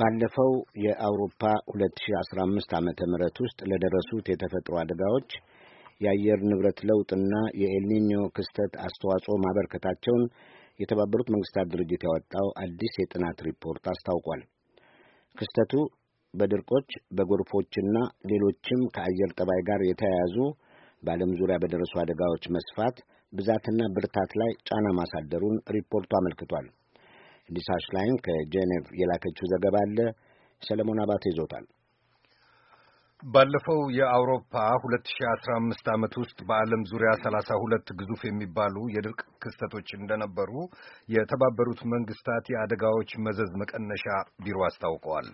ባለፈው የአውሮፓ 2015 ዓመተ ምህረት ውስጥ ለደረሱት የተፈጥሮ አደጋዎች የአየር ንብረት ለውጥና የኤልኒኞ ክስተት አስተዋጽኦ ማበርከታቸውን የተባበሩት መንግስታት ድርጅት ያወጣው አዲስ የጥናት ሪፖርት አስታውቋል። ክስተቱ በድርቆች በጎርፎችና ሌሎችም ከአየር ጠባይ ጋር የተያያዙ በዓለም ዙሪያ በደረሱ አደጋዎች መስፋት ብዛትና ብርታት ላይ ጫና ማሳደሩን ሪፖርቱ አመልክቷል። ሊሳሽ ላይን ከጄኔቭ የላከችው ዘገባ አለ። ሰለሞን አባተ ይዞታል። ባለፈው የአውሮፓ 2015 ዓመት ውስጥ በዓለም ዙሪያ 32 ግዙፍ የሚባሉ የድርቅ ክስተቶች እንደነበሩ የተባበሩት መንግስታት የአደጋዎች መዘዝ መቀነሻ ቢሮ አስታውቀዋል።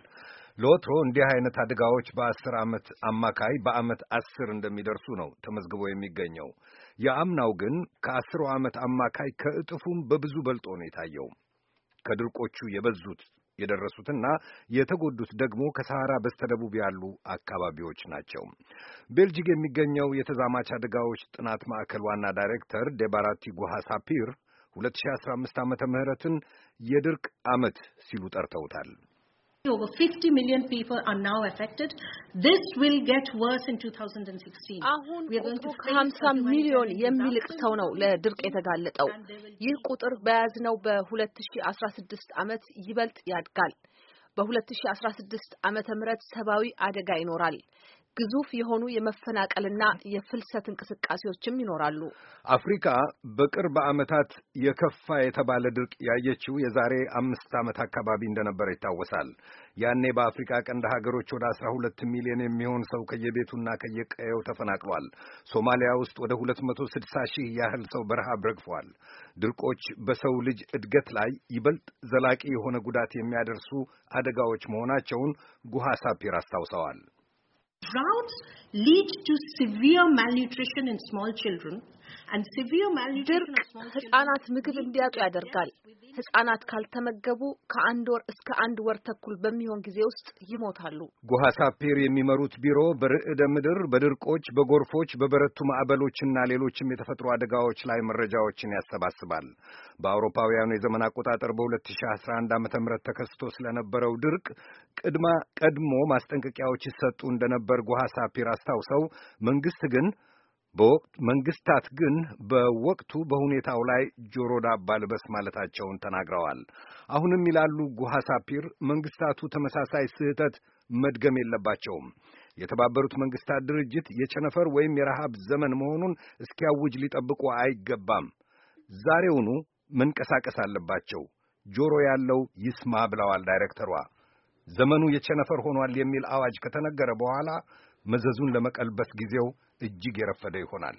ለወትሮ እንዲህ አይነት አደጋዎች በአስር ዓመት አማካይ በዓመት አስር እንደሚደርሱ ነው ተመዝግቦ የሚገኘው። የአምናው ግን ከአስሩ ዓመት አማካይ ከእጥፉም በብዙ በልጦ ነው የታየው። ከድርቆቹ የበዙት የደረሱትና የተጎዱት ደግሞ ከሰሃራ በስተደቡብ ያሉ አካባቢዎች ናቸው። ቤልጂክ የሚገኘው የተዛማች አደጋዎች ጥናት ማዕከል ዋና ዳይሬክተር ዴባራቲ ጉሃ ሳፒር 2015 ዓመተ ምህረትን የድርቅ ዓመት ሲሉ ጠርተውታል። Over 50 million people are now affected. This will get worse in 2016. አሁን ከ50 ሚሊዮን የሚልቅ ሰው ነው ለድርቅ የተጋለጠው። ይህ ቁጥር በያዝነው በ2016 ዓመት ይበልጥ ያድጋል። በ2016 ዓመተ ምህረት ሰብአዊ አደጋ ይኖራል። ግዙፍ የሆኑ የመፈናቀልና የፍልሰት እንቅስቃሴዎችም ይኖራሉ። አፍሪካ በቅርብ ዓመታት የከፋ የተባለ ድርቅ ያየችው የዛሬ አምስት ዓመት አካባቢ እንደነበረ ይታወሳል። ያኔ በአፍሪካ ቀንድ ሀገሮች ወደ አስራ ሁለት ሚሊዮን የሚሆን ሰው ከየቤቱና ከየቀየው ተፈናቅሏል። ሶማሊያ ውስጥ ወደ ሁለት መቶ ስድሳ ሺህ ያህል ሰው በረሃብ ረግፏል። ድርቆች በሰው ልጅ እድገት ላይ ይበልጥ ዘላቂ የሆነ ጉዳት የሚያደርሱ አደጋዎች መሆናቸውን ጉሃ ሳፒር አስታውሰዋል። Droughts lead to severe malnutrition in small children ድርቅ ህጻናት ምግብ እንዲያጡ ያደርጋል። ህጻናት ካልተመገቡ ከአንድ ወር እስከ አንድ ወር ተኩል በሚሆን ጊዜ ውስጥ ይሞታሉ። ጉሃ የሚመሩት ቢሮ በርዕደ ምድር፣ በድርቆች፣ በጎርፎች፣ በበረቱ ማዕበሎችና ሌሎችም የተፈጥሮ አደጋዎች ላይ መረጃዎችን ያሰባስባል። በአውሮፓውያኑ የዘመን አቆጣጠር በ2011 ዓ ም ተከስቶ ስለነበረው ድርቅ ቅድማ ቀድሞ ማስጠንቀቂያዎች ይሰጡ እንደነበር ጉሃ አስታውሰው መንግስት ግን በወቅቱ መንግስታት ግን በወቅቱ በሁኔታው ላይ ጆሮ ዳባ ልበስ ማለታቸውን ተናግረዋል። አሁንም ይላሉ ጉሃ ሳፒር፣ መንግስታቱ ተመሳሳይ ስህተት መድገም የለባቸውም። የተባበሩት መንግስታት ድርጅት የቸነፈር ወይም የረሃብ ዘመን መሆኑን እስኪያውጅ ሊጠብቁ አይገባም። ዛሬውኑ መንቀሳቀስ አለባቸው። ጆሮ ያለው ይስማ ብለዋል ዳይሬክተሯ። ዘመኑ የቸነፈር ሆኗል የሚል አዋጅ ከተነገረ በኋላ መዘዙን ለመቀልበስ ጊዜው እጅግ የረፈደ ይሆናል።